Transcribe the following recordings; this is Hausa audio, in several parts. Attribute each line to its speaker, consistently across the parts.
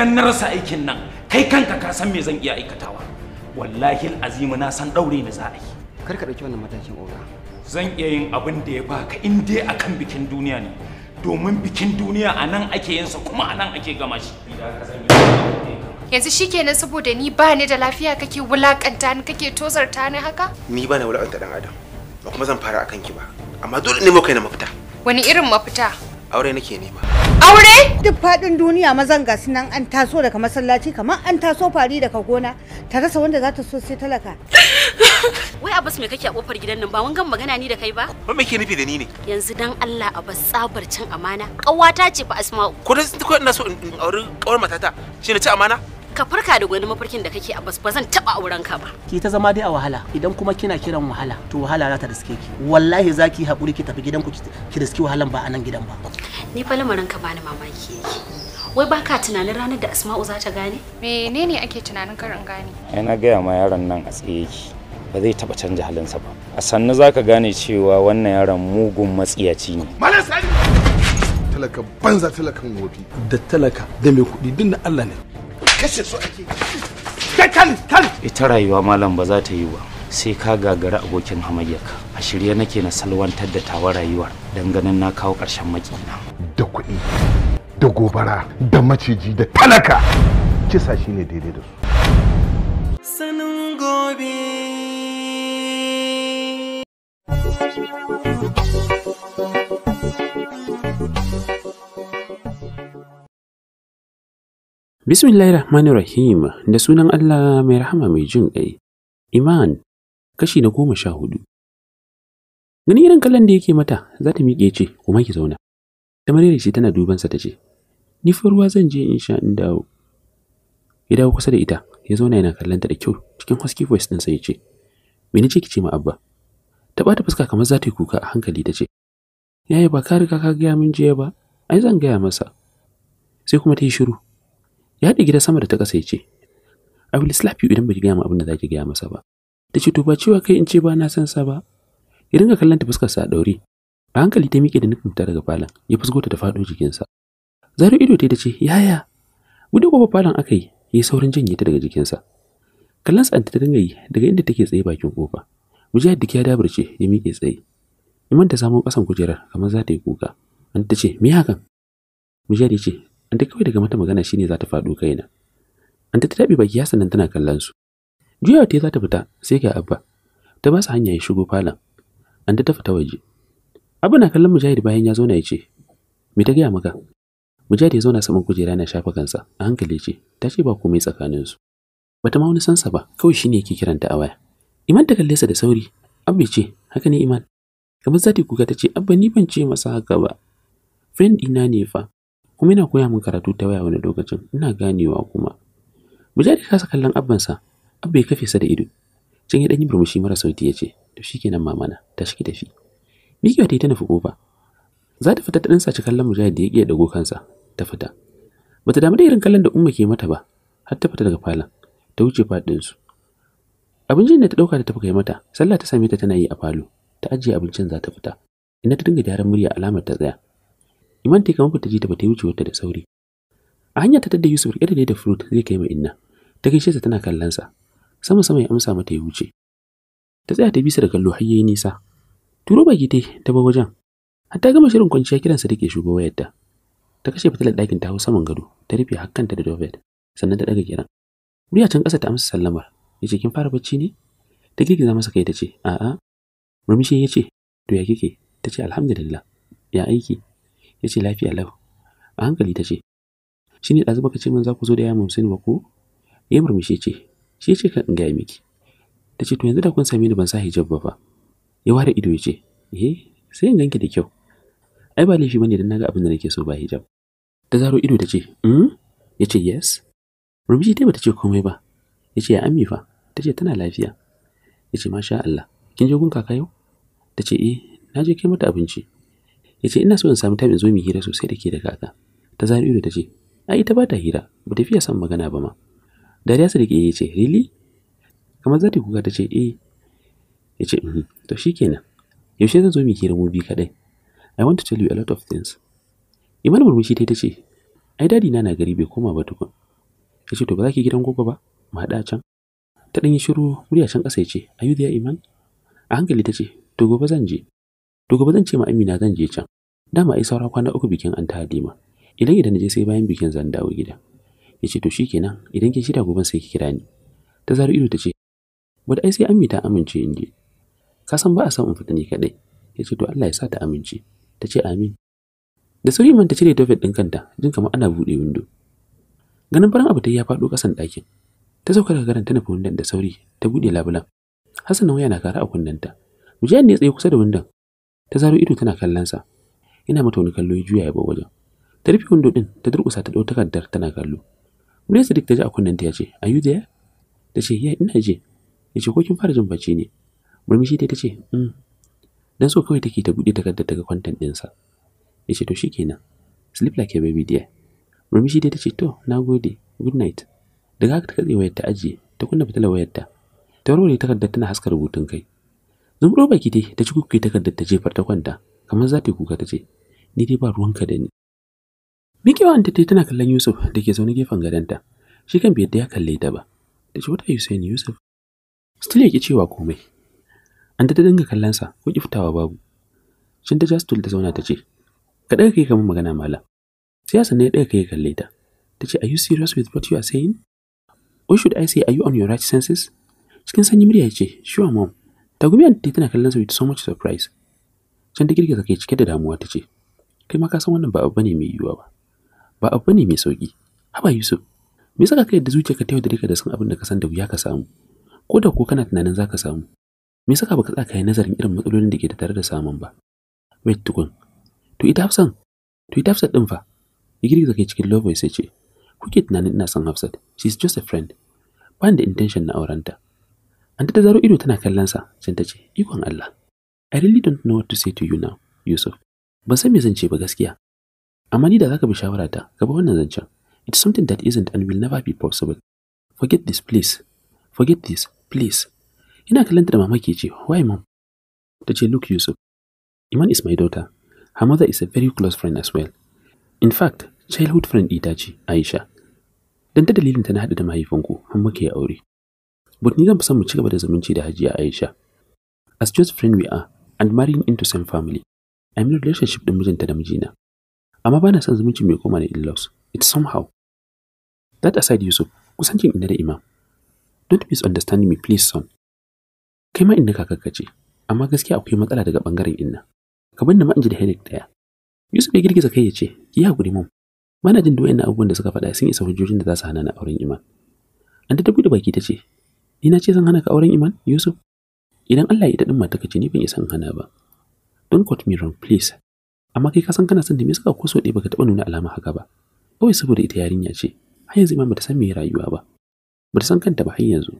Speaker 1: dan na rasa aikin nan kai kanka ka san me zan iya aikatawa wallahi azimu na san daure ne za a yi kar ka dauki wannan matakin oga zan iya yin abin da ya baka in dai akan bikin duniya ne domin bikin duniya a nan ake yinsa kuma a nan ake gama shi yanzu shikenan saboda ni ba ni da lafiya kake wulakanta ni kake tozarta ni haka ni ba na wulakanta dan adam ba kuma zan fara akan ki ba amma dole ne mu kai na mafita wani irin mafita aure nake nema aure duk faɗin duniya mazan ga sunan an taso daga masallaci kamar an taso fari daga gona ta rasa wanda za ta so sai talaka wai abbas me kake a kofar gidan nan ba gan magana ni da kai ba ba me ke nufi da ni ne yanzu dan Allah abbas tsabar cin amana kawata ce fa asma'u ko ina so in aure kawar matata shi ne ci amana ka farka da gwani mafarkin da kake a ba zan taba auren ka ba ki ta zama dai a wahala idan kuma kina kiran wahala to wahala za ta riske ki wallahi za ki haƙuri ki tafi ku ki riski wahalan ba a nan gidan ba ni fa lamarin ka bani mamaki yake wai baka tunanin ranar da asma'u za ta gane menene ake tunanin karin gane ai na gaya ma yaron nan a tsaye yake ba zai taba canja halinsa ba a sannu za ka gane cewa wannan yaron mugun matsiyaci ne malam talaka banza talakan gobi. da talaka da mai kuɗi duk na Allah ne kashe su ake kan kan ita rayuwa malam ba za ta yi ba sai ka gagara abokin hamayyarka a shirye nake na salwantar da tawa rayuwar dan ganin na kawo ƙarshen makina da kuɗi da gobara da maciji da talaka kisa shine daidai da su sanin gobe Bismillahirrahmanirrahim da sunan Allah mai rahama mai jin ƙai. Iman kashi na goma sha hudu. Gani irin kallon da yake mata za ta miƙe ce kuma ki zauna. Ta marere shi tana dubansa ta ce, Ni fa ruwa zan je in sha in dawo. Ya dawo kusa da ita ya zauna yana kallon ta da kyau cikin husky voice ɗin sai ya ce, Me ce ki ce ma Abba? Ta ɓata fuska kamar za ta yi kuka a hankali ta ce, Yaya ba ka riga ka gaya min jiya ba, ai zan gaya masa. Sai kuma ta yi shiru ya haɗe gida sama da ta ƙasa ya ce I will slap you idan ba ki gaya ma abin da za ki gaya masa ba ta ce to ba cewa kai in ce ba na san sa ba ya dinga kallon ta fuskar sa ɗaure. a hankali ta miƙe da nufin ta daga falon ya fusgo ta da faɗo jikinsa zaro ido ta ce yaya gudu ƙofa falon aka yi ya yi saurin janye ta daga jikinsa kallon sa ta dinga yi daga inda take tsaye bakin kofa mujahid duk ya dabarce ya miƙe tsaye iman ta samo ƙasan kujerar kamar za ta yi kuka an ta ce me hakan mujahid ya ce an ta kawai daga mata magana shine za ta faɗo kaina an ta taɓi baki ya sannan tana kallon su juyawa ta za ta fita sai ga abba ta ba su hanya ya shigo falon an ta fita waje abba na kallon mujahid bayan ya zauna ya ce me ta gaya maka mujahid ya zauna saman kujera na shafa kansa a hankali ce ta ce ba komai tsakanin su bata ma wani sansa ba kawai shine yake kiranta a waya iman ta kalle sa da sauri abba ce haka ne iman kamar zati kuka ta ce abba ni ban ce masa haka ba friend ina ne fa kuma yana koya min karatu ta waya wani lokacin ina ganewa kuma mujahid kasa kallon abbansa abba ya kafe sa da ido can ya dan yi burmushi mara sauti ya ce to shikenan mamana ta shiki tafi miki ta yi ta nufi kofa za ta fita ta dan saci kallon mujahid da ya dago kansa ta fita bata damu da irin kallon da umma ke mata ba har ta fita daga falon ta wuce faɗinsu abincin da ta ɗauka da ta kai mata sallah ta same ta tana yi a falo ta ajiye abincin za ta fita Ina ta dinga gyaran murya alamar ta tsaya Iman ta kamar ta ji ta bata wuce wata da sauri. A hanya ta tadda Yusuf riƙe da da fruit zai kai mai inna. Ta gaishe ta tana kallon sa. Sama sama ya amsa mata ya wuce. Ta tsaya ta bisa da kallo har yi nisa. Turo baki ta ta ba wajen. Hatta gama shirin kwanciya kiransa take shugo wayarta. ta kashe fitilar ɗakin ta hau saman gado ta rufe hakkanta da dovet sannan ta ɗaga kiran murya can ƙasa ta amsa sallamar ya ce kin fara bacci ne ta girgiza masa kai ta ce a'a murmushi ya ce to ya kike ta ce alhamdulillah ya aiki ya ce lafiya lau a hankali ta ce shi ne ɗazu baka ce min za ku zo da yamin sani ba ko ya murmushe ce shi ce kan gaya miki ta ce to yanzu da kun same ni ban sa hijab ba fa ya ware ido ya ce eh sai in ganki da kyau ai ba laifi bane dan naga abin da nake so ba hijab ta zaro ido ta ce mm ya ce yes ta dai bata ce komai ba ya ce ya ami fa ta ce tana lafiya ya ce masha Allah kin je gun kaka yau ta ce eh na je kai mata abinci ya ce ina so in samu time hira sosai da ke da kaka ta zari ido ta ce a ita ba ta hira ba ta fiye son magana ba ma dariya su da ke ya ce really kamar za ta kuka ta ce eh ya ce mhm. to kenan yaushe zan zo mu hira mu biyu kadai i want to tell you a lot of things iman murmushi ta ce ai dadi na na gari bai koma ba tukun ya ce to ba za ki gidan gogo ba mu haɗa can ta ɗanyi shiru murya can ƙasa ya ce are you there iman a hankali ta ce to gobe zan je to gobe zan ce ma Amina zan je can dama ai saura kwana uku bikin an ta Halima idan idan je sai bayan bikin zan dawo gida yace to shikenan idan kin shirya goben sai ki kira ni ta zaro ido tace wanda ai sai Amina ta amince in je ka san ba a san in fita ni kadai yace to Allah ya sa ta amince tace amin da sauri man ta cire tofet din kanta jin kamar ana bude window ganin farin abu ta ya faɗo kasan dakin ta sauka daga garan tana nufi windon da sauri ta buɗe labulan hassan waya na kara a kunnenta mujahid ne tsaye kusa da wundan. ta zaro ido tana kallonsa Ina mata wani kallo ya juya ya bar wajen ta rufe windo din ta durkusa ta ɗau takardar tana kallo Munir Sadiq ta ji a kunnen ta ya ce are you there ta ce yeah ina je ya ce ko kin fara jin bacci ne murmushi ta ce mm dan so kawai take ta buɗe takardar daga kwantan ɗinsa ya ce to shikenan sleep like a baby dear murmushi ta ce to na gode good night daga haka ta katse wayar ta ajiye ta kunna fitilar wayar ta ta warware takardar tana haska rubutun kai Zumro baki dai ta ci kuke takardar ta jefar ta kwanta kamar za ta kuka ta ce ni dai ba ruwanka da ni. wa ta dai tana kallon Yusuf da ke zaune gefen gadonta shi kan bai yadda ya kalle ta ba. Ta ce wata Hussein Yusuf. Still yake cewa komai. An ta dinga kallon sa ko kiftawa babu. Shin ta Jastul ta zauna ta ce ka daga kai kamar magana malam. Sai ya ne ya daga kai kalle ta. ta ce, Are you serious with what you are saying? Or should I say, Are you on your right senses? Cikin sanyi murya ya ce, Sure, mom. gumi ta tana kallon sa with so much surprise. Can da girgiza kai cike da damuwa ta ce, Kai ma ka san wannan ba abu ne mai yiwuwa ba. Ba abu ne mai sauki. Haba Yusuf, me yasa ka yadda zuciyarka ta da rika da san abin da ka san da wuya ka samu? Ko da ko kana tunanin zaka samu. Me saka baka tsaka kai nazarin irin matsalolin da ke tattare da samun ba? Wait tukun. To ita Hafsan, to ita hafsan din fa. Ya girgiza kai cikin love sai ce, kuke tunanin ina san Hafsat, she's just a friend. Ba da intention na aurenta. An ta zaro ido tana kallon sa, sai ta ce, "Ikon Allah, I really don't know what to say to you now, Yusuf. Ban san me zan ce ba gaskiya. Amma ni da zaka bi shawara ta, gaba wannan zancen. It's something that isn't and will never be possible. Forget this, please. Forget this, please." Ina kallon ta da mamaki ce, "Why mom?" Ta ce, "Look Yusuf, Iman is my daughter. Her mother is a very close friend as well. In fact, childhood friend ita ce, Aisha. Dan ta dalilin ta na haɗu da mahaifinku har muke aure. but neither zan fi son mu ci gaba da Hajiya Aisha. As just friend we are and marrying into same family. I'm in a relationship with mijinta da mijina. Amma ba na son zumunci mai koma da in-laws. It's somehow. That aside Yusuf, kusancin ina da imam. Don't misunderstand me please son. Kai ma inda kakakka ce, amma gaskiya akwai matsala daga bangaren inna. Ka bar ma in ji da headache daya. Yusuf ya girgiza kai ya ce, "Ki hakuri mum. Mana jin da wayannan abubuwan da suka faɗa sun isa hujjojin da za su hana na auren imam." An ta bude baki ta ce, Ni na ce zan hana ka auren Iman, Yusuf? Idan Allah ya daɗin mata ka ce ni ban isan hana ba. Don quote me wrong, please. Amma kai ka san kana son da me suka ko ɗaya baka taɓa nuna alama haka ba. Kawai saboda ita yarinya ce, har yanzu Iman bata san me rayuwa ba. Bata san kanta ba har yanzu.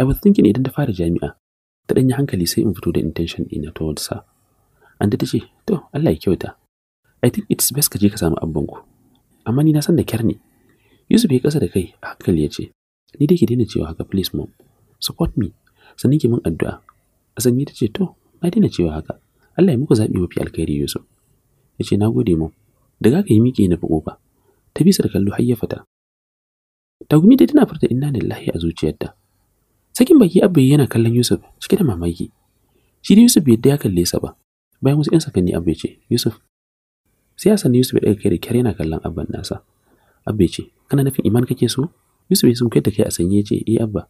Speaker 1: I was thinking idan ta fara jami'a, ta ɗanyi hankali sai in fito da intention ɗina towards Sa. an ta ce, to Allah ya kyauta. I think it's best ka je ka samu abbanku. Amma ni na san da kyar ne. Yusuf ya kasa da kai a hankali ya ce, ni dai ke daina cewa haka please mom support me sannan ki min addu'a sanyi ta ce to na daina cewa haka Allah ya muku zaɓi mafi alkhairi Yusuf ya ce na gode mu daga ka yi miƙe na fi ƙofa ta bi da kallo har ya fita tagumi da tana furta inna lillahi a zuciyarta sakin baki abba yana kallon Yusuf cike da mamaki shi da Yusuf bai ya kalle sa ba bayan wasu 'yan sakanni Abba ya ce Yusuf sai ya Yusuf ya ɗaga kai da kyar yana kallon abban nasa Abba ce kana nufin iman kake so Yusuf ya sunkai da kai a sanye ya ce eh abba.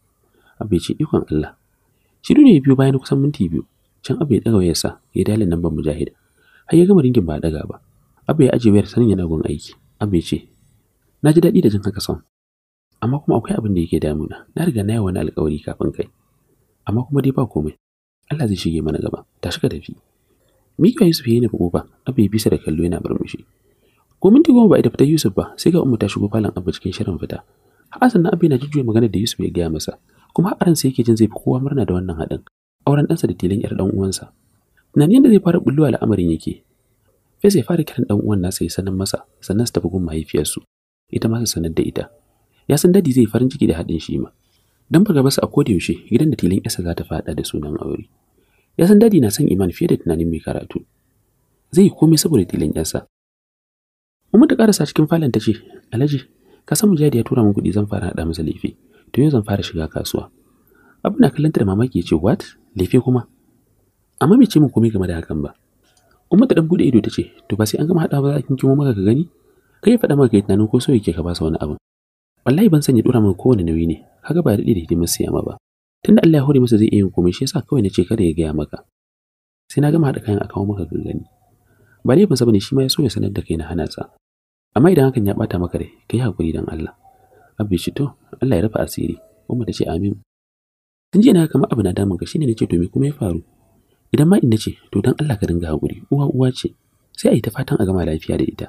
Speaker 1: Abba ya ce ikon Allah. Shi dole ya biyo bayan kusan minti biyu. Can abba ya daga wayarsa ya dalin lambar mujahid. Har ya gama ringin ba daga ba. Abba ya ajiye wayar sanin yana gon aiki. Abba ya ce na ji daɗi da jin haka son. Amma kuma akwai abin da yake damuna. Na riga na yi wani alƙawari kafin kai. Amma kuma dai ba komai. Allah zai shige mana gaba. Tashi ka tafi. Mika Yusuf ya nufi kofa, Abba ya bisa da kallo yana murmushi. Ko minti goma ba a fita Yusuf ba, sai ga Umma ta shigo falon Abba cikin shirin fita. har sannan abin yana jujjuya magana da Yusuf ya gaya masa kuma har ransa yake jin zai fi kowa murna da wannan haɗin auren ɗansa da tilin 'yar ɗan uwansa tunanin yadda zai fara bullo al'amarin yake sai ya fara kiran dan uwan nasa ya sanar masa sannan su tafi gun mahaifiyarsu ita ma su sanar da ita ya san dadi zai farin ciki da haɗin shi ma dan gaba basu a koda yaushe gidan da tilin 'yarsa za ta faɗa da sunan aure ya san dadi na son iman fiye da tunanin mai karatu zai yi komai saboda tilin 'yarsa Umar ta ƙarasa cikin falon ta ce, Alhaji, ka san jadi ya tura min kuɗi zan fara hada masa lefe to yau zan fara shiga kasuwa abu na kallonta da mamaki ce what lefe kuma amma bai ce mu komai game da hakan ba umma ta dan bude ido ta ce to ba sai an gama haɗa ba za a kinkimo maka ka gani kai ya faɗa maka kai tunanin ko so yake ka ba sa wani abu wallahi ban sanya dura maka kowane nauyi ne kaga ba daɗe da hidimar siyama ba tunda Allah ya hore masa zai iya yin komai shi yasa kawai na ce kada ya gaya maka sai na gama haɗa kayan a kawo maka gani. ba ne ban saba ne shi ma ya so ya sanar da kai na hana amma idan hakan ya bata maka rai kai hakuri dan Allah abbi shi to Allah ya rufa asiri umma ta amin tun jiya na kamar abu na damun ka shine nace to me kuma ya faru idan ma in nace to dan Allah ka dinga hakuri uwa uwa ce sai a ta fatan a gama lafiya da ita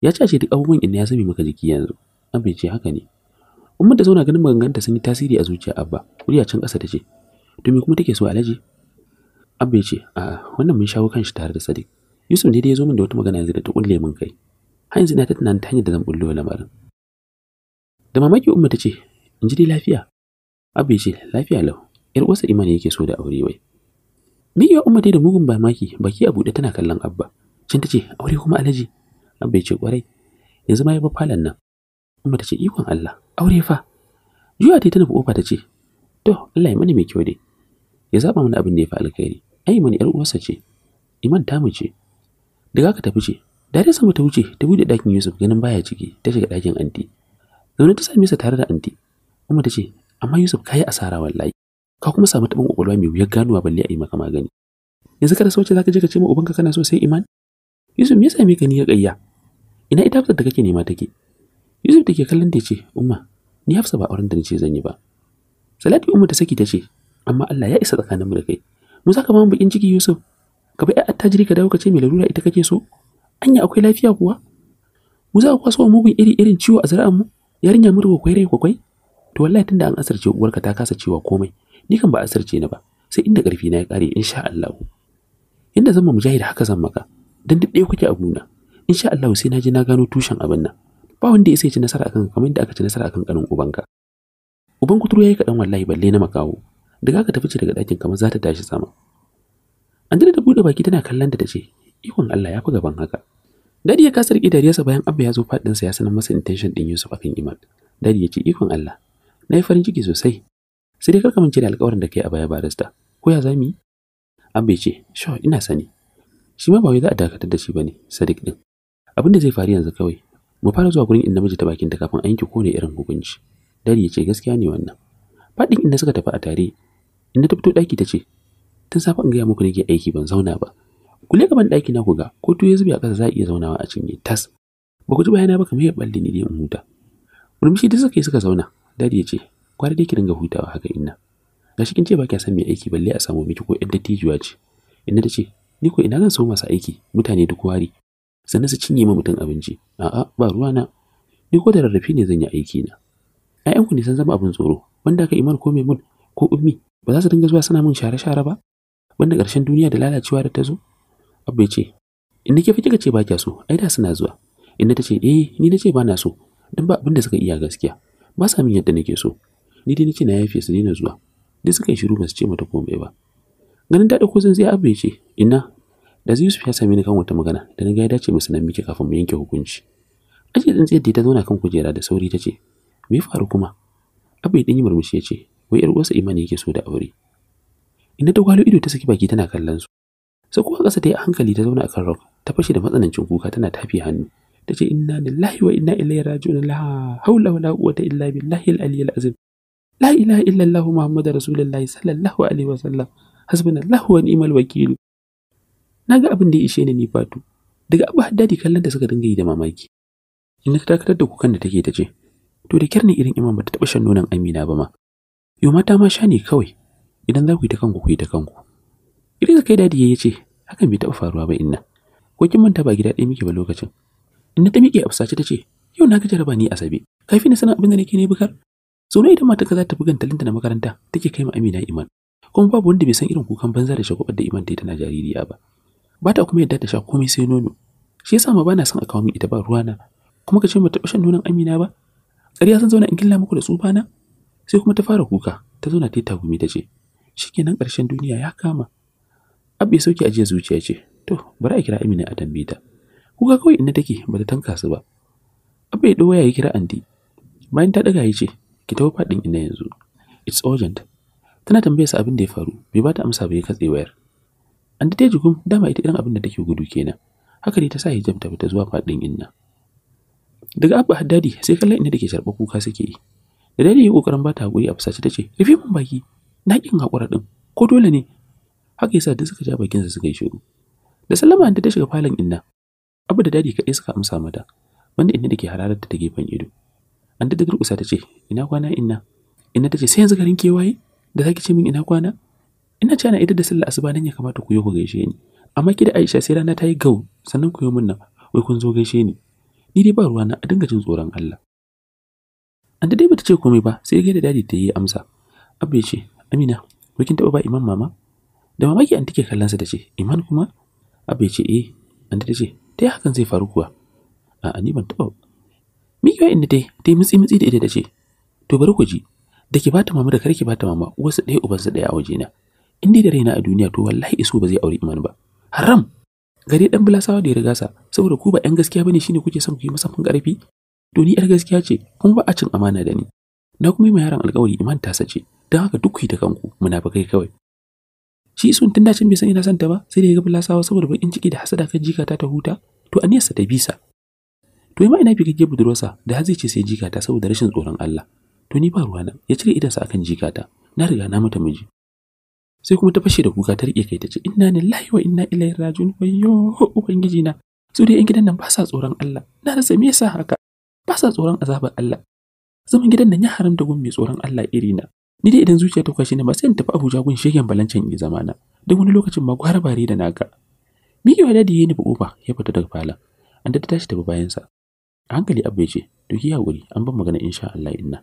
Speaker 1: ya ce duk abubuwan in ya sami maka jiki yanzu abbi ce haka ne umma da zauna ganin maganganta sun yi tasiri a zuciya abba kuriya can kasa ta ce to me kuma take so alaji abbi ce a'a wannan mun shawo kan shi tare da sadiq yusuf ne dai ya zo min da wata magana yanzu da ta kulle min kai har yanzu ina ta tunanin ta hanyar da zan bullo lamarin da mamaki umma ta ce in ji dai lafiya abu ya ce lafiya lau yar uwarsa imani yake so da aure wai miƙewa umma dai da mugun bamaki baki a buɗe tana kallon abba can ta ce aure kuma alaji abba ya ce ƙwarai. yanzu ma ya bi falon nan umma ta ce ikon Allah aure fa juya ta yi nufi ƙofa ta ce to Allah ya mani mai kyau dai ya zaɓa mana abin da ya fi alkhairi ai mani yar uwarsa ce iman ta mu ce daga ka tafi ce Dare sama ta wuce ta buɗe ɗakin Yusuf ganin baya ciki ta shiga ɗakin anti. Zaune ta same sa tare da anti. Umma ta ce, "Amma Yusuf ka yi asara wallahi. Ka kuma samu taɓin ƙwaƙwalwa mai wuyar ganuwa balle a yi maka magani. Yanzu ka rasa wace za ka je ka ce ma ubanka kana so sai iman?" Yusuf me yasa me ka ni ya ƙayya? Ina ita Hafsat da kake nema take? Yusuf take ke kallon ta ce, "Umma, ni Hafsa ba auren da nace zan yi ba." Salati Umma ta saki ta ce, "Amma Allah ya isa tsakaninmu da kai. Mu za ka ba mu bakin ciki Yusuf. Ka bi ai attajiri ka dawo ka ce mai larura ita kake so?" anya akwai lafiya kuwa mu za ku kwaso mugun iri irin ciwo a zuri'an mu yarinya mu da kwakwai rai kwakwai to wallahi tunda an asirce uwarka ta kasa cewa komai ni kan ba asirce ni ba sai inda karfi na ya kare insha Allah inda zan ma mujahid haka zan maka dan duk ɗaya kuke a gona insha Allah sai na je na gano tushen abin nan ba wanda ya sai ci nasara akan kamar yadda aka ci nasara akan kanin ubanka uban kuturu yayi kadan wallahi balle na makawo daga aka tafi daga ɗakin kamar za ta tashi sama Andina ta bude baki tana kallon da tace ikon Allah ya fi gaban haka dadi ya kasa riƙe dariyarsa bayan abba ya zo faɗinsa ya sanar masa intention ɗin Yusuf akan Iman dadi ya ce ikon Allah na yi farin ciki sosai sai dai karka mance da alƙawarin da kai a baya barista ko ya zami abba ya ce sho ina sani shi ma ba wai za a dakatar da shi ba ne. Sadiq ɗin abin da zai faru yanzu kawai mu fara zuwa gurin inda miji ta bakin ta kafin a yanke kowane irin hukunci dadi ya ce gaskiya ne wannan faɗin inda suka tafi a tare inda ta fito ɗaki ta ce tun safe in gaya muku nake aiki ban zauna ba ku leka ban ɗaki na ku ga ko tuyo zubi a ƙasa za a iya zaunawa a cinye tas ba ku ji bayana ba kamar ya balle ni dai in huta murmushi duk suka yi suka zauna dadi ya ce kwara dai ki dinga hutawa haka inna ga shi kin ce ba kya san me aiki balle a samu miki ko 'yan dattijuwa ce inna ta ce ni ko ina zan so masu aiki mutane duk wari sannan su cinye ma mutum abinci a'a ba ruwa na ni ko da rarrafe ne zan yi aiki na ku ne san zama abin tsoro wanda ka imar ko mai mun ko ummi ba za su dinga zuwa suna min share-share ba banda ƙarshen duniya da lalacewa da ta zo Abba ya ce, Inda ke fice kika ce ba kya so, ai da suna zuwa. Inda ta ce, Eh, ni nace ba na so, don ba abin da suka iya gaskiya. Ba sa min yadda nake so. Ni dai nace na yafe su na zuwa. dai suka yi shiru ba su ce mata komai ba. Ganin ta ɗauko zan sai Abba ya ce, Inna, da zai su ya same kan wata magana da na ga ya dace musu nan miki kafin mu yanke hukunci. Aje tsintsiyar da ta zauna kan kujera da sauri ta ce, Me faru kuma? Abba ya ɗan yi murmushi ya ce, Wai ‘yar uwarsa imani yake so da aure. ina ta gwalo ido ta saki baki tana kallon su. sai kuma ƙasa ta yi a hankali ta zauna akan rock ta fashe da matsanancin kuka tana tafi hannu ta ce inna lillahi wa inna ilaihi raji'un la haula wala quwwata illa billahi al-aliyyil azim la ilaha illa allah muhammadur rasulullahi sallallahu alaihi wa sallam hasbunallahu wa ni'mal wakil naga abin da ya ishe ni ni fatu daga abu haddadi kallon da suka dinga yi da mamaki in ta dakatar da kukan da take ta ce to da kyar ne irin imam ba ta taɓa shan nonon amina ba ma yau mata ma sha ne kawai idan za ku yi ta kanku ku yi ta kanku idan kai dadi ya ce, hakan bai taɓa faruwa ba inna. Ko kin manta ba gida ɗaya muke ba lokacin. Inna ta miƙe a ta ce, yau na ga jaraba ni asabe. Kafi na sanin abin da nake ne bukar. Sau nawa idan ka za ta bugan talinta na makaranta take kai ma Amina Iman. Kuma babu wanda bai san irin kukan banza da shagwabar da Iman ta tana jaririya ba. Ba ta kuma yadda ta sha komai sai nono. Shi yasa ma bana son a kawo min ita ba ruwana. Kuma ka ce mata shan nonon Amina ba. Ƙarya san zauna in killa muku da tsufana. Sai kuma ta fara kuka ta zauna ta yi tagumi ta ce, shikenan ƙarshen duniya ya kama. abu ya sauke ajiya zuciya ce, to bari a kira Amina a tambaye ta. Kuka kawai ina take bata tanka su ba. abu ya waya ya kira andi. Bayan ta daga ya ce, ki tafi faɗin ina yanzu. It's urgent. Tana tambayar sa abin da ya faru, bai ba ta amsa ba ya katse wayar. andi ta jikun dama ita irin abin da take gudu kenan. Haka ne ta sa hijab ta fita zuwa faɗin inna. Daga Abba Haddadi sai kallon inda take sharɓa kuka suke yi. Da dadi ya yi kokarin bata haƙuri a fusace ta ce, "Rufe mun baki, na ƙin hakura ɗin ko dole ne haka yasa duk suka ja bakinsa suka yi shiru da sallama da ta shiga falon inna abu da dadi kadai suka amsa mata wanda inna da ke hararar ta gefen ido an da durƙusa ta ce ina kwana inna inna ta sai yanzu garin kewaye da zaki ce min ina kwana ina ce ana ita da sallah asuba nan ya kamata ku yi ku gaishe ni amma ki da Aisha sai rana ta yi gau sannan ku yi min nan wai kun zo gaishe ni ni dai ba ruwa na a dinga jin tsoron Allah an dai bata ce komai ba sai ga dadi ta yi amsa abu ce Amina wakin taba taɓa ba imam mama da mamaki an take kallon sa ce iman kuma abu ya ce eh an ta ce ta yi hakan zai faru kuwa a ni ban taɓa mikiwa inda dai ta yi mutsi mutsi da ita ta ce to bari ku ji da ki bata mama da kar ki bata mama wasu ɗaya ubansa ɗaya a wajena in dai da raina a duniya to wallahi iso ba zai aure iman ba haram gari ɗan bulasawa da ya riga sa saboda ku ba yan gaskiya bane shine kuke son ku yi masa fun karfi to ni yar gaskiya ce kuma ba a cin amana da ni na kuma yi ma yaran alƙawari iman ta sace don haka duk ku yi da kanku muna kai kawai shi isun tun dacin bai san ina santa ba sai da ya ga bulasawa saboda bakin ciki da hasada kan jikata ta huta to aniyarsa ta bisa to ma ina fikake budurwarsa da har zai ce sai jikata saboda rashin tsoron Allah to ni ba ruwana ya cire sa akan jikata na riga na mata miji sai kuma ta fashe da kuka ta rike kai ta ce inna lillahi wa inna ilaihi rajiun wayyo ubangiji na su dai yan gidan nan ba sa tsoron Allah na rasa me yasa haka ba sa tsoron azabar Allah zaman gidan nan ya haramta gun mai tsoron Allah iri na ni dai idan zuciya ta kwashe ni ba sai in tafi Abuja gun shegen balancin in zama na duk wani lokacin ma gwara bare da naka Mikiwa dadi ya ni kofa ya fita daga fala an da ta tashi tafi bayan sa a hankali abu ya ce to ki hakuri an ban magana insha Allah inna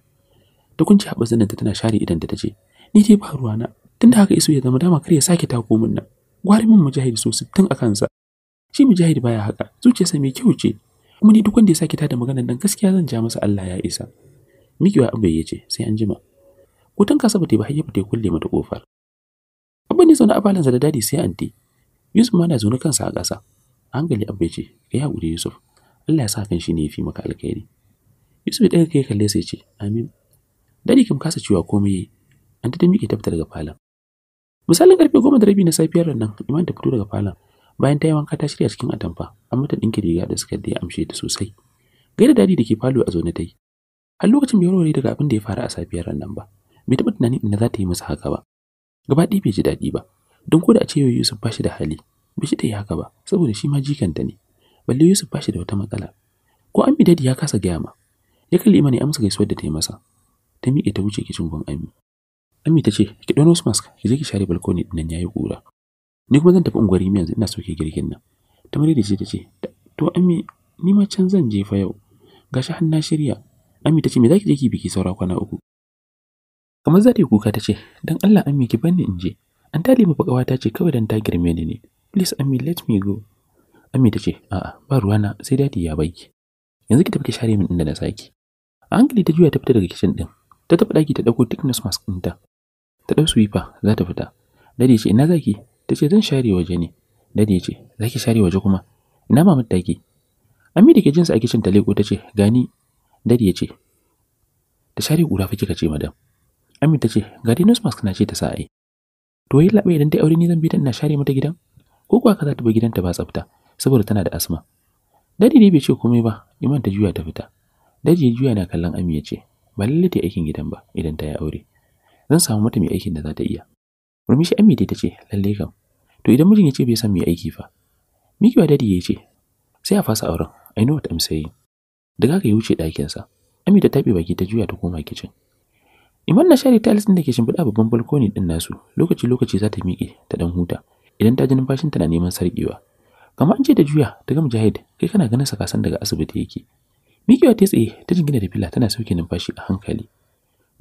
Speaker 1: ta kunci haɓa zanin ta tana share idan ta tace ni dai ba ruwa na da haka iso ya zama dama kar ya sake ta min nan gwari min mujahid so 60 a kansa shi mujahid baya haka Zuciya zuciyarsa mai kyau ce kuma ni duk wanda ya sake ta da magana dan gaskiya zan ja masa Allah ya isa Mikiwa abu ce sai an jima Wutan kasa ba ta ba hayyafa ta kulle mata kofar. Abba ne zaune a zada da dadi sai anti. Yusuf ma na zaune kansa a ƙasa. hankali abba ce, "Kai haƙuri Yusuf, Allah ya sa kan shi ne ya fi maka alkhairi." Yusuf ya ɗaga kai kalle sai ce, "Amin." Dadi kam kasa cewa komai an ta miƙe ta fita daga falon. Misalin karfe goma da rabi na safiyar nan, Iman ta fito daga falon. Bayan ta yi wanka ta shirya cikin atamfa, an mata ɗinki riga da suka da ya amshe ta sosai. Gaida dadi da ke falo a zaune ta yi. Har lokacin bai warware daga abin da ya faru a safiyar nan ba. bai taɓa tunanin inda za ta yi masa haka ba gaba ɗaya bai ji daɗi ba don ko da a ce yau Yusuf ba shi da hali bai shi ta yi haka ba saboda shi ma jikanta ne balle Yusuf ba shi da wata matsala ko Ami dadi ya kasa gaya ma ya kalli mana ya amsa gaisuwar da ta yi masa ta miƙe ta wuce kicin gun Ami Ami ta ce ki nose mask ki je ki share balkoni din nan yi ƙura ni kuma zan tafi unguwar yanzu ina so ke girkin nan ta mare da ce ta ce to Ami ni ma can zan je fa yau gashi har na shirya Ami ta ce me ki je ki biki saura kwana uku kamar za ta yi kuka ta ce don Allah an ki bani in je an tali mafi ƙawata ce kawai don ta girme ni ne please ammi let me go ammi ta ce a'a ba ruwa na, sai dadi ya baki yanzu ki tafi share min inda na saki a hankali ta juya ta fita daga kitchen din ta tafi daki ta dauko thickness mask ɗinta ta dau sweeper za ta fita dadi ya ce ina zaki ta ce zan share waje ne dadi ya ce zaki share waje kuma ina mamar take Ami da ke jinsa a kicin ta leko ta ce, "Gani, dadi ya ce, ta share kura fa kika ce madam." amin ta ce, gari nose mask na ce ta sa'ai. To yi laɓe idan ta aure ni zan bi ta ina share mata gidan? Ko kuwa ka za ta bi gidanta ba tsafta, saboda tana da asma. Dadi ne bai ce komai ba, Iman ta juya ta fita. Daji ya juya na kallon Ami ya ce, ba lallai ta aikin gidan ba idan ta yi aure. Zan samu mata mai aikin da za ta iya. Murmushi Ami ta ce, lallai kam. To idan mijin ya ce bai san mai aiki fa. Mikiwa dadi ya ce, sai a fasa auren, I know what I'm saying. Daga ka ya wuce ɗakinsa, Ami ta taɓe baki ta juya ta koma kicin. Iman na share tiles ɗin da ke shimfiɗa babban balkoni ɗin nasu lokaci-lokaci za ta miƙe ta ɗan huta idan ta ji numfashin na neman sarƙewa. Kamar an ce da juya ta ga jahid, kai kana ganin sa kasan daga asibiti yake. Miƙewa ta tsaye ta jingina da fila tana sauke numfashi a hankali.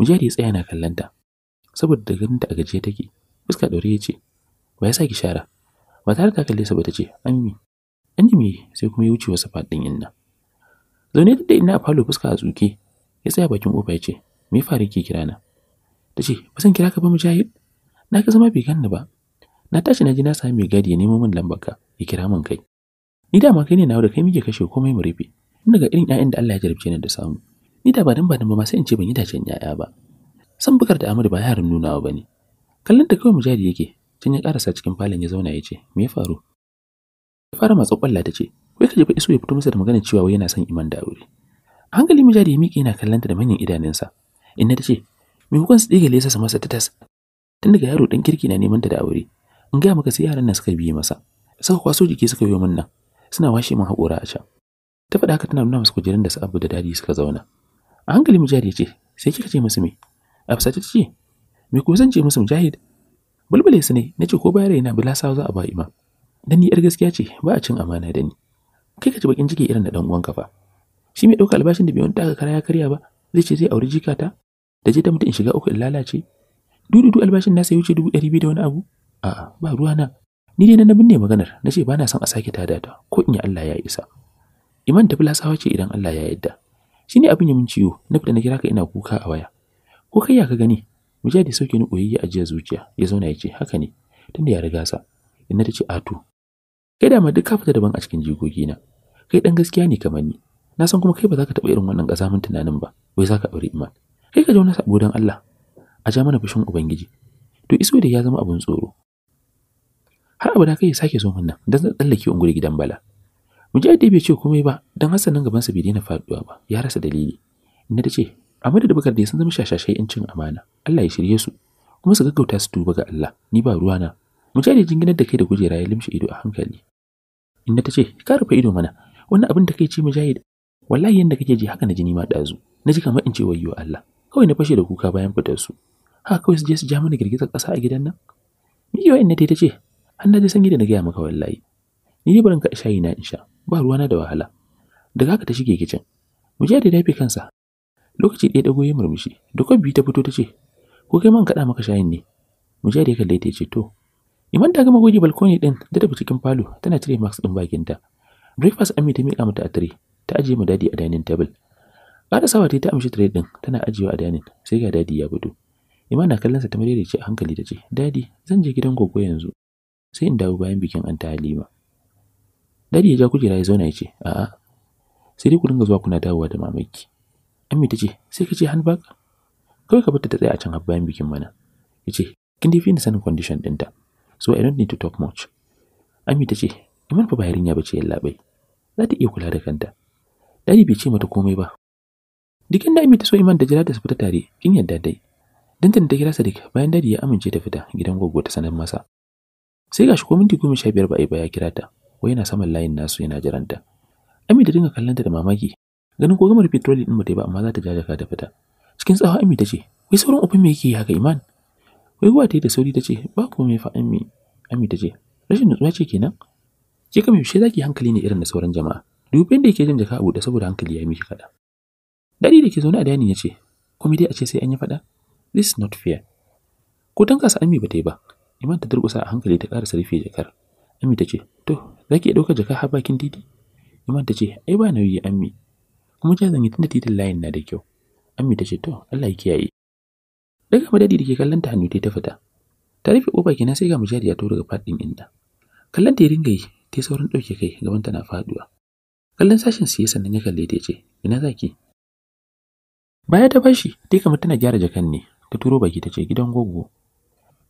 Speaker 1: Mujahid ya tsaya na kallonta saboda da ganin ta a gajiya take. Fuska ɗaure ya ce ba ya sa ki shara ba tare ta kalle sa ba ta ce an yi an yi sai kuma ya wuce wasu faɗin inna. Zaune ta da ina a falo fuska a tsuke ya tsaya bakin ƙofa ya ce me faru ke kira na ta ce ba zan kira ka ba mujahid na ka zama bai ganni ba na tashi na ji na sami mai gadi ya nemo min ka ya kira min kai ni da ma kai ne na da kai muke kashe komai mu rufe ina daga irin ƴaƴan da Allah ya jarabce ni da samu ni da ba dan ba dan ba sai in ce ban yi tacen ƴaƴa ba san bukar da Amadu ba yaran nunawa bane kallon ta kawai mujahid yake can ya karasa cikin falon ya zauna ya ce me ya faru ya fara matsa kwalla ta ce wai ka jefa iso ya fito masa da magana cewa wai yana son iman da aure hankali mujahid ya miƙe yana kallon da manyan idanunsa Inna ta ce, kuka su ɗigale lesa masa ta tas. Tun daga yaro ɗan kirki na neman ta da aure, in gaya maka sai yaran nan suka biye masa. saka kwaso jiki suka biyo munna suna washe min haƙora a can. Ta faɗa haka tana nuna masa kujerun da su abu da dadi suka zauna. A hankali Mujahid ya ce, sai kika ce musu me? Afsat ta ce, me ko zan ce musu Mujahid? Bulbule su ne, na ce ko bayar yana sa za a ba ima. Dan ni yar gaskiya ce, ba a cin amana da ni. Kai ka ci bakin ciki irin da dan uwanka fa. shi mai ɗauka albashin da bai wani taka kara ya ba zai ce zai auri jikata da je ta mutu in shiga uku in lalace dududu albashin nasa ya wuce dubu ɗari biyu da wani abu a'a ba ruwa na ni dai na binne maganar na ce ba na son a sake tada ta ko in yi Allah ya isa iman ta lasawa ce idan Allah ya yadda. shi ne abin ya min ciwo na fita na kira ka ina kuka a waya ko kai ya ka gani mu ya sauke ni koyayya a jiya zuciya ya zauna ya ce haka ne tunda ya riga sa ina ta ce a tu. kai da ma duk ka fita daban a cikin jigogi na kai dan gaskiya ne kamar ni na san kuma kai ba za ka taɓa irin wannan ƙazamin tunanin ba wai za ka aure iman kai ka ji sabo don Allah a ja mana fushin ubangiji to iso da ya zama abin tsoro har abu da kai ya sake zo nan dan zan tsallake ungure gidan bala mujahid da bai ce komai ba dan Hassan nan gaban sa bai daina faduwa ba ya rasa dalili Inna ta ce Amadu da Bakar da sun zama shashashai cin amana Allah ya shirye su kuma su gaggauta su tuba ga Allah ni ba ruwa na mujahid jinginar da kai da kujera ya limshi ido a hankali Inna ta ce ka rufe ido mana wannan abin da kai ci mujahid wallahi yanda kake ji haka na jini ma dazu na ji kamar in ce wayyo Allah kawai na fashe da kuka bayan fitar su haka kawai su je su ja mana girgizar ƙasa a gidan nan miƙewa in ta ce har na ji sanyi da na gaya maka wallahi ni ne barin ka shayi na in sha ba na da wahala daga haka ta shige kicin mu je da dafe kansa lokaci ɗaya dago ya murmushi da biyu ta fito ta ce ko kai man kaɗa maka shayin ne mu je da kalle ta ce to iman ta gama goge balkoni ɗin ta tafi cikin falo tana cire max ɗin bakinta breakfast ami ta miƙa mata a tire ta ajiye mu dadi a dining table sawa ta yi ta amshi tire ɗin tana ajiyewa a danin sai ga dadi ya fito. Iman na kallonsa ta ce a hankali ta ce, Dadi, zan je gidan gogo yanzu. Sai in dawo bayan bikin Anta Halima. Dadi ya ja kujera ya zauna ya ce, A'a, sai dai ku dinga zuwa kuna dawowa da mamaki. Ammi ta ce, Sai ka ce handbag? Kawai ka bata ta tsaya a can har bayan bikin mana. Ya ce, Kin dai fi ni sanin condition ɗinta. So I don't need to talk much. Ammi ta ce, Iman fa ba yarinya ba ce yallaɓai. Za ta iya kula da kanta. Dadi bai ce mata komai ba, Duk inda Ami ta so Iman da Jalal su fita tare, kin yadda dai. Dantan ta kira Sadiq bayan dadi ya amince ta fita gidan goggo ta sanar masa. Sai gashi ko minti goma biyar ba a ba ya kira ta, wai yana saman layin nasu yana jiranta. Ami dinga kallon ta da mamaki, ganin ko gamar petrol din mutai yi ba amma za ta jajaka ta fita. Cikin tsawa Ami ta ce, "Wai sauran ufin me yake haka Iman?" Wai guwa ta yi da sauri ta ce, "Ba komai fa Ami." Ami ta ce, "Rashin nutsuwa ce kenan?" Ki kamar yaushe zaki hankali ne irin da sauran jama'a. Dubin da yake jin jaka a buɗe saboda hankali ya miki kaɗan. Daɗi da ke zaune a dining ya ce, komai dai a ce sai an yi faɗa? This is not fair. Ko tan kasa Ami ba ta yi ba, Iman ta durƙusa a hankali ta ƙarasa rufe jakar. Ami ta ce, to, za ki iya ɗaukar jaka har bakin titi? Iman ta ce, ai ba nauyi Ami. Kuma ja zanyi tunda titin layin na da kyau. Ami ta ce, to, Allah ya kiyaye. Daga ma dadi da ke kallon ta hannu ta fita. Ta rufe ƙofa kenan sai ga mujari ya daga faɗin inda. Kallon ta ya ringa yi, ta saurin ɗauke kai gaban tana faɗuwa. Kallon sashen siyasa nan ya kalle ta ce, ina zaki? Baya ta bashi, dai kamar tana gyara jakan ne, ta turo baki ta ce gidan goggo.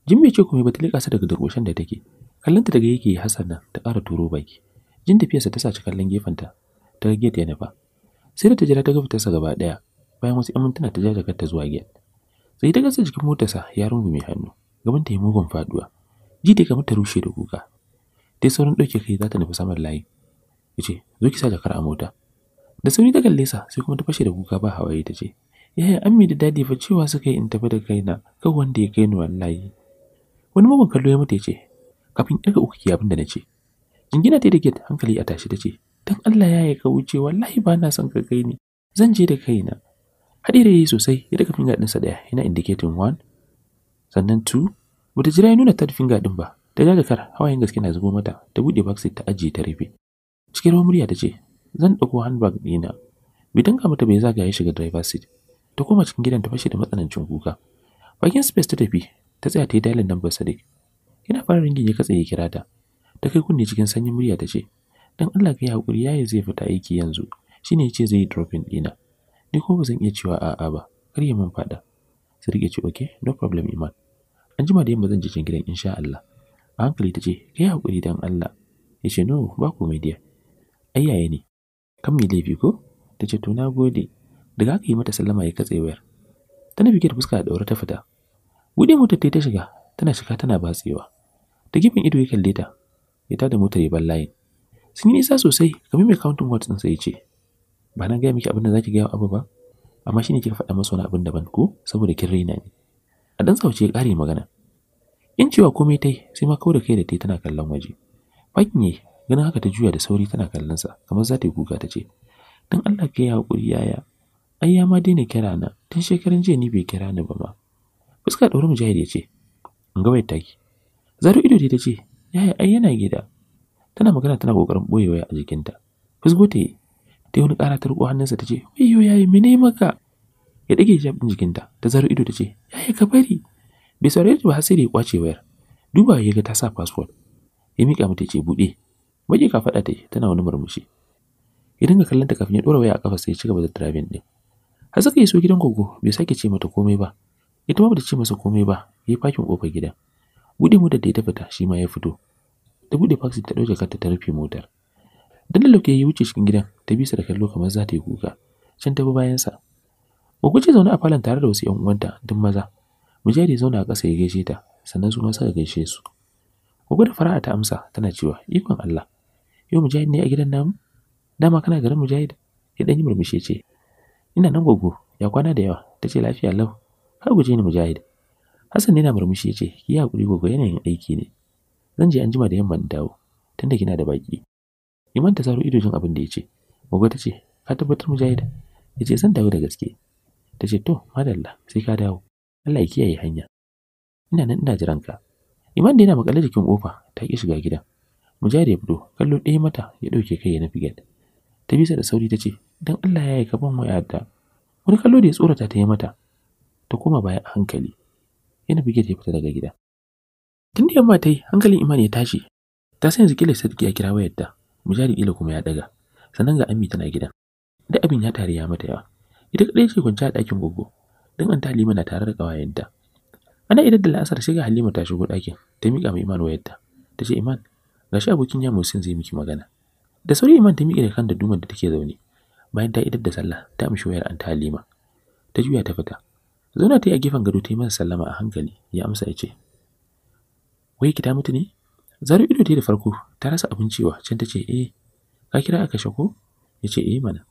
Speaker 1: Jin mai ce kuma ba ta leƙa sa daga durƙushin da take. Kallanta daga yake Hassan nan ta ƙara turo baki. Jin tafiyarsa ta saci kallon gefenta, ta ga gate ya fa. Sai da ta jira ta ga fitarsa gaba ɗaya, bayan wasu 'yan mintuna ta ja ta zuwa gate. Sai ta gasa jikin motarsa ya rungu mai hannu, gaban ta yi mugun faduwa. Ji ta kamar ta rushe da kuka. Dai saurin ɗauke kai za ta nufi saman layi. Ya ce, zo ki sa jakar a mota. Da sauri ta kalle sa sai kuma ta fashe da kuka ba hawaye ta ce, Yayin ammi da dadi fa cewa suka yi in tafi da kaina, kan wanda ya kai ni wallahi. Wani mugun kallo ya mata ya ce, kafin ƙirga uku ki abin da na ce. Jingina ta da hankali a tashi ta ce, don Allah ya yi ka wuce wallahi ba na son ka kai ni, zan je da kaina. Haɗe da yi sosai ya daga finger ɗinsa ɗaya yana indicating one, sannan two, bata jira ya nuna third finger ɗin ba, ta ga kar hawayen gaske na zubo mata ta buɗe box ta ajiye ta rufe. Cikin ruwan murya ta ce, zan ɗauko handbag ɗina. Bidan ka mata bai zaga ya shiga driver seat ta koma cikin gidan ta fashe da matsanancin kuka bakin space ta tafi ta tsaya ta yi dalin number sadiq yana fara ringin ya katse ya kirata. ta kai kunne cikin sanyin murya ta ce dan Allah ka yi hakuri yayi zai fita aiki yanzu ya ce zai yi in dina ni ko ba zan iya cewa a'a ba kar ya mun fada sadiq ya ce okay no problem iman an jima da yamma zan je cikin gidan insha Allah a hankali ta ce ka yi hakuri dan Allah ya ce no ba komai diya Ayyaye ne kan mai laifi ko ta ce to na gode daga aka yi mata sallama ya katse wayar ta nufi da fuska da daure ta fita buɗe motar ta shiga tana shiga tana batsewa da gefen ido ya kalle ta ya tada motar ya bar layin sun yi nisa sosai kamar mai kauntin wata ɗinsa ya ce ba na gaya miki abin da za ki gaya abu ba amma shine kika faɗa masa wani abin daban ko saboda kin raina ni a dan sauce ya ƙare magana in cewa komai ta yi, sai ma kawai da kai da ta tana kallon waje fakin yi. ganin haka ta juya da sauri tana kallon sa kamar za ta yi kuka ta ce dan Allah ka yi hakuri yaya ai ya ma daina kira na tun shekaran jiya ni bai kira ni ba ma fuska ɗaurin mujahid ya ce in ga wayar taki zaro ido dai ta ce yaya ai yana gida tana magana tana kokarin ɓoye waya a jikinta fusgo ta yi ta wani ƙara ta riƙo hannunsa ta ce wayo yayi mene maka ya ɗage jabin ɗin jikinta ta zaro ido ta ce yaya ka bari bai saurari ta ba har sai da ya kwace wayar duba ya ga ta sa passport ya miƙa mata ce buɗe baƙi ka faɗa ta yi tana wani murmushi ya dinga kallon ta kafin ya ɗora waya a ƙafa sai ya ci gaba da driving ɗin har suka iso gidan gogo bai sake ce mata komai ba ita ma bata ce masa komai ba yayi fakin kofar gidan bude motar da ya fita shi ma ya fito ta bude faksi ta dauke kanta ta rufe motar da ke ya wuce cikin gidan ta bisa da kallo kamar za ta yi kuka can ta bi bayan sa gogo ce zaune a falon tare da wasu yan uwanta duk maza mujahid zauna a ƙasa ya gaishe ta sannan su ma suka gaishe su gogo da fara'a ta amsa tana cewa ikon Allah yau mujahid ne a gidan namu dama kana garin mujahid ya dan yi murmushi ce ina nan gogo ya kwana da yawa ta ce lafiya lau ka guje ni mujahid hassan yana murmushi ya ce ki hakuri gogo yanayin aiki ne zan je anjima da yamma in dawo tunda kina da baki iman ta saro ido jin abin da ya ce gogo ta ce ka tabbatar mujahid ya ce zan dawo da gaske ta ce to madalla sai ka dawo Allah ya kiyaye hanya ina nan ina jiran ka iman da yana makale jikin kofa ta ki shiga gidan mujahid ya fito kallo ɗaya mata ya ɗauke kai ya nufi gate ta bisa da sauri ta ce don Allah ya yi ka ban wayata wani kallo da ya tsorata ta yi mata ta koma baya a hankali yana bige ta fita daga gida tun da yamma ta yi hankalin iman ya tashi ta sanya zikila ya sadiki ya kira wayarta mujari kila kuma ya daga sannan ga ami tana gida. da abin ya tare ya mata yawa ita kadai ce kwanciya a ɗakin gogo don an ta halima na tare da ƙawayenta ana idan da la'asar shiga halima ta shigo ɗakin ta miƙa mai iman wayarta ta ce iman gashi abokin ya musin zai miki magana da sauri iman ta miƙe da kan da duman da take zaune bayan ta idar da sallah ta amshi wayar an ta ta juya ta fita zauna ta yi a gefen gado ta yi masa sallama a hankali ya amsa ya ce wai ki ta mutu ne zaro ido ta yi da farko ta rasa abin cewa can ta ce eh ka kira a kashe ko ya ce eh mana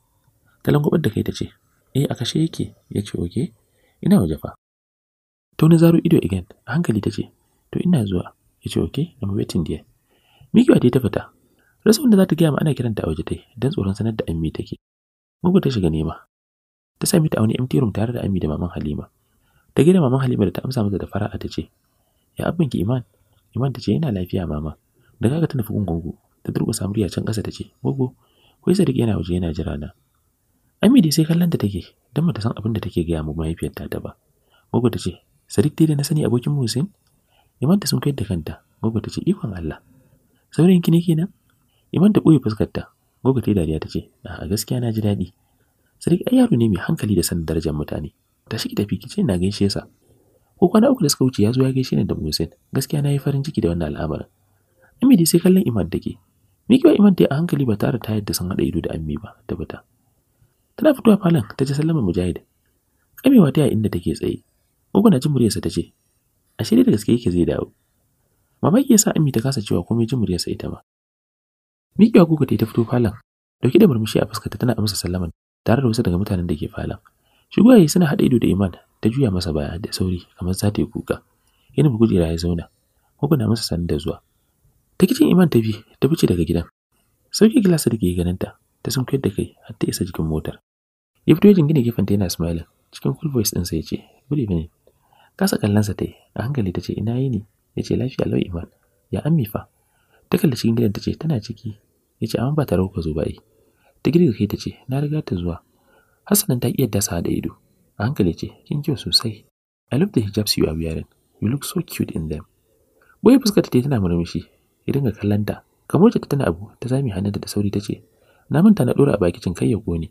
Speaker 1: ta langwabar da kai ta ce eh a kashe yake ya ce oke ina waje fa to na zaro ido again a hankali ta ce to ina zuwa ya ce oke i'm waiting there mikiwa ta fita Rasa da za ta gaya ma ana kiranta a waje ta don tsoron sanar da Ammi take. Mugu ta shiga nema. Ta sami ta a wani empty room tare da Ammi da maman Halima. Ta gida maman Halima da ta amsa mata da fara'a ta ce, "Ya abin ki Iman?" Iman ta ce, "Yana lafiya mama." Da kaga ta nufi gungungu, ta durƙusa murya can ƙasa ta ce, "Gogo, wai Sadiq yana waje yana jira na." Ami dai sai kallon ta take, don bata san abin da take gaya mu mahaifiyarta ta ba. Gogo ta ce, "Sadiq dai da na sani abokin Musin?" Iman ta sun kai da kanta, Gogo ta ce, "Ikon Allah." Saurayin ki ne kenan? Iman ta ɓoye fuskarta, gobe ta yi dariya ta ce, "A gaskiya na ji daɗi." Sadiq ai yaro ne mai hankali da sanin darajar mutane. Ta shi tafi kice na gaishe sa. Ko kwana uku da suka wuce ya zo ya gaishe ni da Musin. Gaskiya na yi farin ciki da wannan al'amarin. ami dai sai kallon Iman take. Mikiwa Iman ta a hankali ba tare ta yadda sun haɗa ido da ami ba, tabbata. Tana fitowa falon ta ji sallama Mujahid. Kamewa ta inda take tsaye. Gogo na jin muryarsa ta ce, "Ashe da gaske yake zai dawo." Mamaki ya sa Ami ta kasa cewa komai ji muryarsa ita ma. Mikiwa kuka ta ta fito falon, dauke da murmushi a fuskarta tana amsa sallaman tare da wasu daga mutanen da ke falon. Shigowaye suna haɗa ido da Iman ta juya masa baya da sauri kamar za ta yi kuka. Yana gujera ya zauna, kuka na masa sanin da zuwa. Ta kicin Iman ta bi ta fice daga gidan. Sauke gilasa da ke ganinta ta sunkuyar da kai har ta isa jikin motar. Ya fito jingina gefenta yana smiling cikin cool voice ɗinsa ya ce, Good evening. Kasa kallonsa ta yi, a hankali ta ce, Ina yi ne? Ya ce, Lafiya lau Iman, ya ammi fa. Ta kalli cikin gidan ta ce, Tana ciki, ya ce amma ba ta rauka zo ba ai ta kai ta ce na riga ta zuwa hassanin ta iya dasa da ido a hankali ce kin kyau sosai i love the hijabs you are wearing you look so cute in them boye fuskar ta tana murmushi ya dinga kallon ta kamar ta tana abu ta zame hannunta da sauri ta ce na manta na dora a baki cin kai ya kone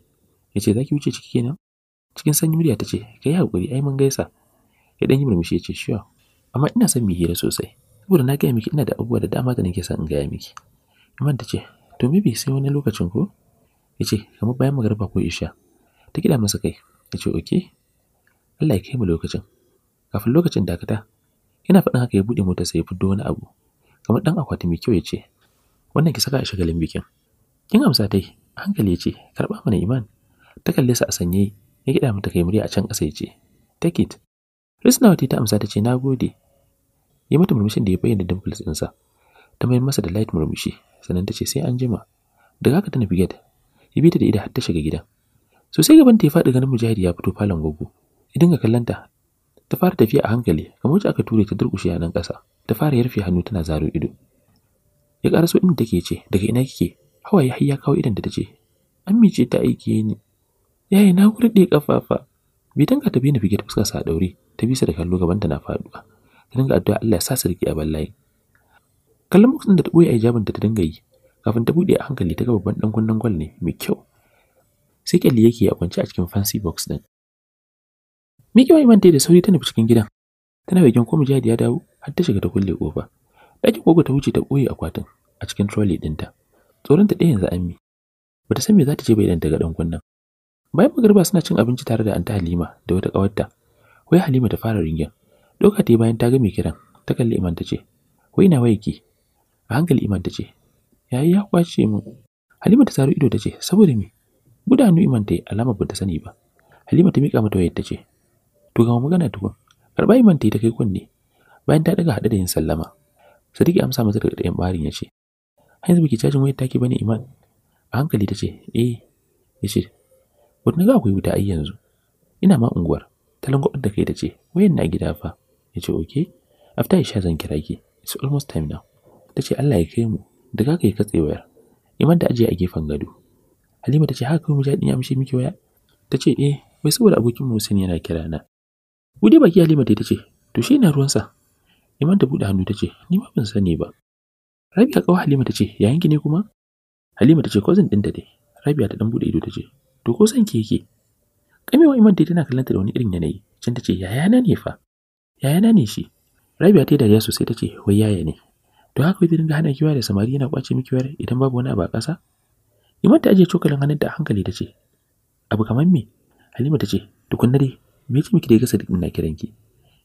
Speaker 1: ya ce zaki wuce ciki kenan cikin sanyi murya ta ce ka yi haƙuri ai mun gaisa ya dan yi murmushi ya ce sure amma ina son mu hira sosai saboda na gaya miki ina da abubuwa da dama da nake son in gaya miki Iman ta ce To maybe sai wani lokacin ko? yace kamar bayan magariba ko isha. Ta gida masa kai, yace ce, oke, Allah ya kai mu lokacin. Kafin lokacin dakata, yana faɗin haka ya buɗe sai ya fiddo wani abu. Kamar ɗan akwati mai kyau ya ce, wannan ki saka a shagalin bikin. Kin amsa ta hankali ya ce, karɓa mana iman. Ta kalle sa a sanye, ya gida mata kai murya a can ƙasa ya ce, take it. Risnawati ta amsa ta ce, na gode. Ya mata murmushin da ya bayyana dimples ɗinsa. ta mayar masa da light murmushi sannan ta ce sai an jima daga haka ta nufi gate ya bi ta da ida har ta shiga gidan sosai gaban ta ya faɗi ganin mujahid ya fito falon gogo idan dinga kallon ta fara tafiya a hankali kamar wacce aka ture ta durƙushe a nan ƙasa ta fara yarfe hannu tana zaro ido ya so inda take ce daga ina kike Hawa ya hayya kawo idan da ta ce an mice ta aiki ni yayi na gurɗe kafafa bitan ka ta bi nufi gate fuskar sa daure ta bisa da kallo gaban ta na faɗuwa ta dinga addu'a Allah ya sa su rike a ballayin kallon box ɗin da ta ɓoye a hijabinta ta dinga yi kafin ta buɗe a hankali ta ga babban ɗan kunnen gwal ne mai kyau sai kyalli yake a kwance a cikin fancy box ɗin miƙewa iman ta da sauri ta nufi cikin gidan tana bakin ko mujahid ya dawo har ta shiga ta kulle kofa ɗakin gogo ta wuce ta ɓoye akwatin a cikin trolley ɗinta tsoron ta ɗaya yanzu an ammi bata san me za ta je bai dan daga ɗan kunnen bayan magariba suna cin abinci tare da anta halima da wata ƙawarta wai halima ta fara ringin doka ta bayan ta ga mai kiran ta kalli iman ce wai na waye ki a hankali iman ta ce yayi ya kwace mu halima ta saro ido ta ce saboda me buda hannu iman ta yi alama ba ta sani ba halima ta miƙa mata wayar ta ce to gama magana tukun karɓa iman ta yi ta kai kunne bayan ta daga haɗe da yin sallama sadiki amsa masa da ɗayan ɓarin ya ce har yanzu baki cajin wayar take bane iman a hankali ta ce eh ya ce wata na ga akwai wuta ai yanzu ina ma unguwar ta langwabar da kai ta ce wayan na gida fa ya ce okay after isha zan kira ki it's almost time now ta ce Allah ya kai mu da ka kai katse wayar iman da ajiye a gefen gado Halima ta ce haka kai mu jaɗin ya amshe miki waya ta ce eh wai saboda abokin mu Hussein yana kira na Bude baki Halima ta ce to shi na ruwansa Iman ta buɗe hannu ta ce ni ma ban sani ba Rabia kawai Halima ta ce yayin ki ne kuma Halima ta ce cousin ɗinta dai Rabia ta dan buɗe ido ta ce to ko san ki yake Kamewa Iman dai tana kallanta da wani irin yanayi can ta ce yayana ne fa Yaya na ne shi Rabia ta yi dariya sosai ta ce wai yaya ne To haka zai dinga hana kiwa da samari yana kwace miki wayar idan babu wani abu a ƙasa iman ta ajiye cokalin hannun da hankali ta ce abu kamar me halima ta ce "Dukun dare, me yake miki da gasa duk na kiran ki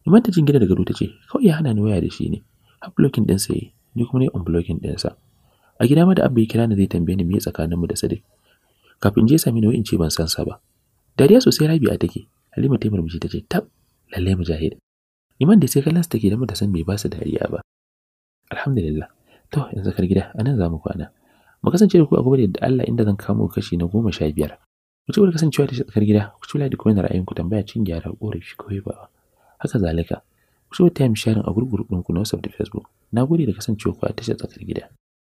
Speaker 1: iman ta gida daga ta ce kawai ya hana ni waya da shi ne har blocking din sa ni kuma ne on blocking din sa a gida ma da abba ya kira ni zai tambaye ni me tsakaninmu da Sadiq kafin je sami in ce ban san sa ba dariya sosai rabi'a take halima ta murmushi ta ce tab lallai mujahid iman da sai kallon take da mata san bai ba su dariya ba alhamdulillah to yanzu kar gida anan za mu kwana mu kasance da ku a gobe da Allah inda zan kamo kashi na goma sha biyar ku ci kasancewa da tsakar gida ku ci da kuma ra'ayinku tambaya cin gyara korafi ko ba haka zalika ku ci wata sharing a ku na WhatsApp da Facebook na gode da kasancewa ku a tashar tsakar gida